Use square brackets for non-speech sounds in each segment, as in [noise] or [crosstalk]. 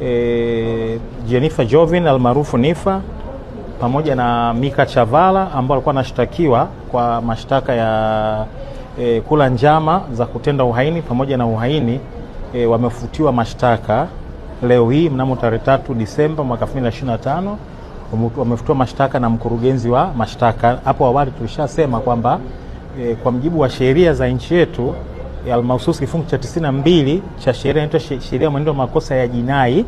e, Jennifer Jovin almaarufu Nifa pamoja na Mika Chavala ambao alikuwa anashtakiwa kwa mashtaka ya e, kula njama za kutenda uhaini pamoja na uhaini e, wamefutiwa mashtaka leo hii mnamo tarehe tatu Disemba mwaka 2025 wamefutiwa mashtaka na mkurugenzi wa mashtaka. Hapo awali tulishasema kwamba e, kwa mjibu wa sheria za nchi yetu almahususi kifungu cha 92 cha sheria inaitwa sheria mwenendo wa makosa ya jinai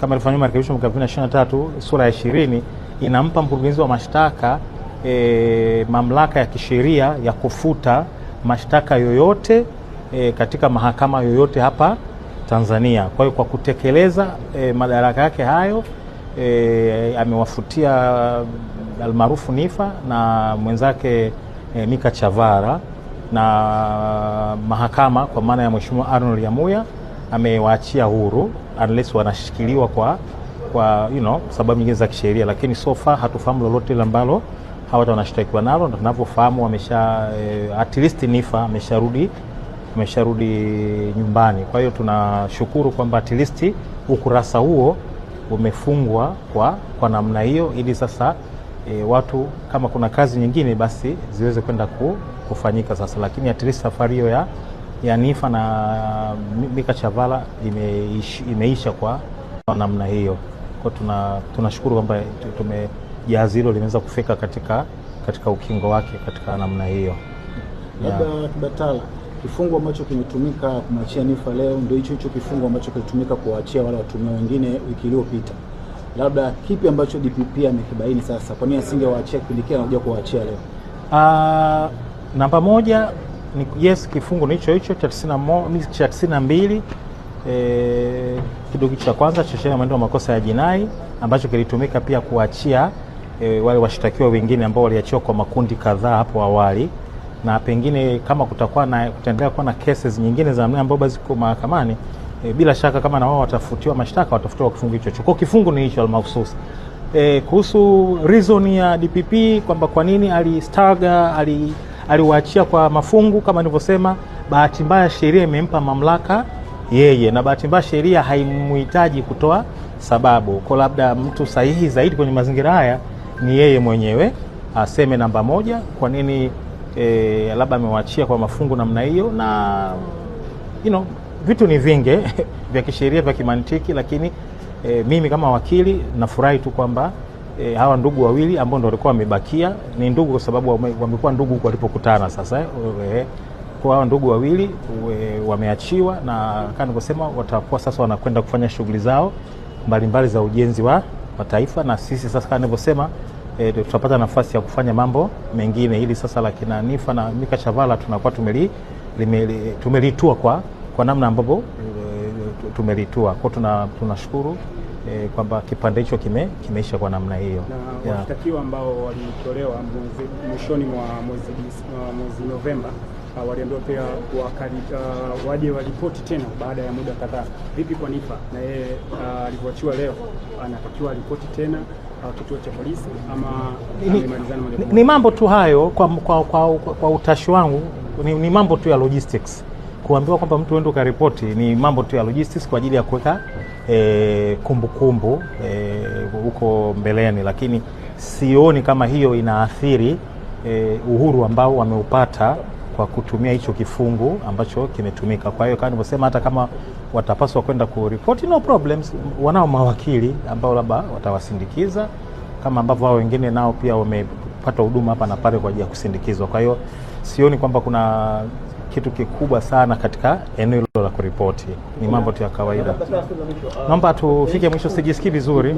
kama ilifanywa marekebisho mwaka 2023 sura ya 20 inampa mkurugenzi wa mashtaka e, mamlaka ya kisheria ya kufuta mashtaka yoyote e, katika mahakama yoyote hapa Tanzania. Kwa hiyo kwa kutekeleza e, madaraka yake hayo e, amewafutia almaarufu Nifa na mwenzake e, Mika Chavara na mahakama kwa maana ya Mheshimiwa Arnold Yamuya amewaachia huru unless wanashikiliwa kwa, kwa you know, sababu nyingine za kisheria, lakini so far hatufahamu lolote ile ambalo hawa watu wanashtakiwa nalo, na tunavyofahamu wamesha eh, at least Nifa amesharudi amesharudi nyumbani. Kwa hiyo tunashukuru kwamba at least ukurasa huo umefungwa kwa, kwa namna hiyo, ili sasa eh, watu kama kuna kazi nyingine basi ziweze kwenda ku kufanyika sasa, lakini at least safari hiyo ya, ya Nifa na Mika Chavala imeish, imeisha kwa namna hiyo. Kwa tuna tunashukuru kwamba tume jahazi hilo limeweza kufika katika, katika ukingo wake katika namna hiyo. Labda Kibatala, kifungo ambacho kimetumika kumwachia Nifa leo ndio hicho hicho kifungo ambacho kilitumika kuwaachia wale watumia wengine wiki iliyopita. Labda kipi ambacho DPP amekibaini sasa? Kwa nini asingewaachia kipindi kile anakuja kuwaachia leo? Uh, Namba moja ni yes, kifungu ni hicho hicho cha 92 e, eh, kidogo cha kwanza cha sheria mwenendo wa makosa ya jinai ambacho kilitumika pia kuachia e, wale washtakiwa wengine ambao waliachiwa kwa makundi kadhaa hapo awali, na pengine kama kutakuwa na kutaendelea kuwa na cases nyingine za ambao ambayo basi ziko mahakamani e, bila shaka kama na wao watafutiwa mashtaka watafutiwa kifungu hicho hicho. Kwa kifungu ni hicho almahsusi. E, kuhusu reason ya DPP kwamba kwa nini alistaga ali, staga, ali aliwaachia kwa mafungu kama nilivyosema. Bahati mbaya sheria imempa mamlaka yeye, na bahati mbaya sheria haimuhitaji kutoa sababu. Kwa labda mtu sahihi zaidi kwenye mazingira haya ni yeye mwenyewe aseme namba moja, kwa nini e, labda amewaachia kwa mafungu namna hiyo, na you know, vitu ni vingi [laughs] vya kisheria vya kimantiki, lakini e, mimi kama wakili nafurahi tu kwamba e, hawa ndugu wawili ambao ndio walikuwa wamebakia ni ndugu kwa sababu wamekuwa ndugu walipokutana sasa e, kwa hawa ndugu wawili e, wameachiwa na kama nilivyosema watakuwa sasa wanakwenda kufanya shughuli zao mbalimbali mbali za ujenzi wa, wa taifa na sisi sasa kama nilivyosema e, tutapata nafasi ya kufanya mambo mengine hili sasa la kina Nifa na Mika Chavala tunakuwa tumeli, tumelitua kwa, kwa namna ambavyo tumelitua kwa tunashukuru tuna e, kwamba kipande hicho kime, kimeisha kwa namna hiyo. Na washtakiwa ambao walitolewa mwishoni mwa mwezi, mwezi Novemba ah, waliambiwa pia uh, waje waripoti tena baada ya muda kadhaa. Vipi kwa Niffer na yeye uh, alivyoachiwa leo anatakiwa ripoti tena kituo cha polisi ama Ni, ni, ni mambo tu hayo kwa, kwa, kwa, kwa, kwa utashi wangu ni, ni mambo tu ya logistics. Kuambiwa kwamba mtu uende ukaripoti ni mambo tu ya logistics kwa ajili ya kuweka E, kumbukumbu e, huko kumbu, e, mbeleni, lakini sioni kama hiyo inaathiri e, uhuru ambao wameupata kwa kutumia hicho kifungu ambacho kimetumika. Kwa hiyo kama nilivyosema, hata kama watapaswa kwenda kuripoti, no problems, wanao mawakili ambao labda watawasindikiza kama ambavyo wao wengine nao pia wamepata huduma hapa na pale kwa ajili ya kusindikizwa. Kwa hiyo sioni kwamba kuna kitu kikubwa sana katika eneo hilo la kuripoti. Ni mambo tu ya kawaida. Naomba tufike mwisho, sijisikii vizuri.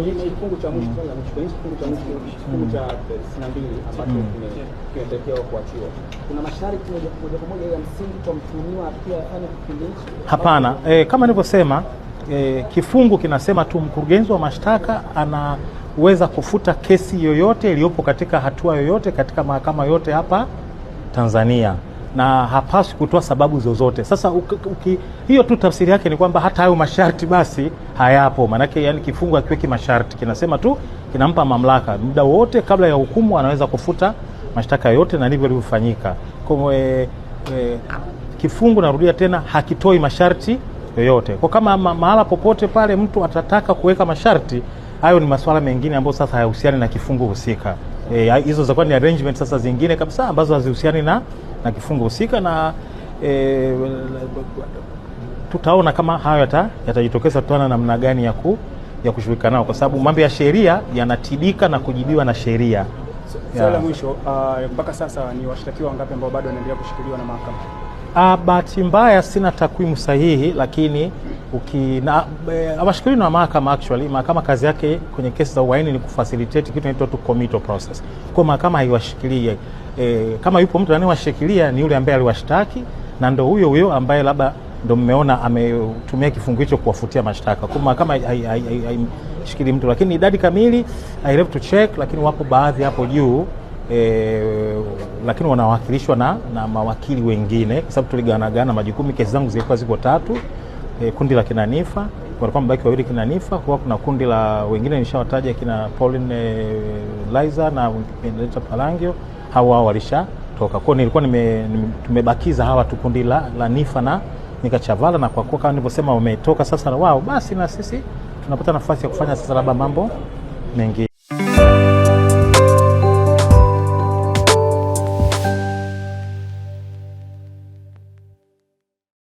Mm. Hapana, e, kama nilivyosema e, kifungu kinasema tu mkurugenzi wa mashtaka anaweza kufuta kesi yoyote iliyopo katika hatua yoyote katika mahakama yote hapa Tanzania na hapaswi kutoa sababu zozote. Sasa uki, uki, hiyo tu tafsiri yake ni kwamba hata hayo masharti basi hayapo, maanake yani kifungu hakiweki masharti, kinasema tu kinampa mamlaka muda wote kabla ya hukumu, anaweza kufuta mashtaka yote na ndivyo ilivyofanyika. Kwa e, e, kifungu narudia tena hakitoi masharti yoyote. Kwa kama ma, mahala popote pale mtu atataka kuweka masharti, hayo ni masuala mengine ambayo sasa hayahusiani na kifungu husika. Eh, hizo e, zakuwa ni arrangement sasa zingine kabisa ambazo hazihusiani na na kifungo husika na e, tutaona kama hayo yatajitokeza, tutaona namna gani ya, ku, ya kushughulika nao, kwa sababu mambo ya sheria yanatibika na kujibiwa na sheria. Swali la mwisho, uh, mpaka sasa ni washtakiwa wangapi ambao bado wanaendelea kushikiliwa na mahakama? Uh, bahati mbaya sina takwimu sahihi lakini Eh, awashikiliwi na mahakama actually. Mahakama kazi yake kwenye kesi za uhaini ni kufacilitate kitu inaitwa tu committal process. Kwa mahakama haiwashikilie e, kama yupo mtu anayewashikilia ni yule ambaye aliwashtaki na ndo huyo huyo ambaye labda ndo mmeona ametumia kifungu hicho kuwafutia mashtaka. Kwa mahakama haimshikili mtu, lakini idadi kamili I have to check, lakini wapo baadhi hapo juu E, lakini wanawakilishwa na, na mawakili wengine kwa sababu tuliganagana majukumu. Kesi zangu zilikuwa ziko tatu e, kundi la kinanifa walikuwa mabaki wawili kinanifa Nifa, kwa kuna kundi la wengine nishawataja kina Pauline e, eh, Liza na Benedetta Palangio, wao walishatoka. Kwa nilikuwa nime, nime, tumebakiza hawa tu kundi la, la Nifa na nikachavala na kwa kuwa kama nilivyosema wametoka sasa wao, basi na sisi tunapata nafasi ya kufanya sasa labda mambo mengine.